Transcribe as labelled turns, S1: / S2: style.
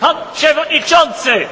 S1: Pan Przewodniczący!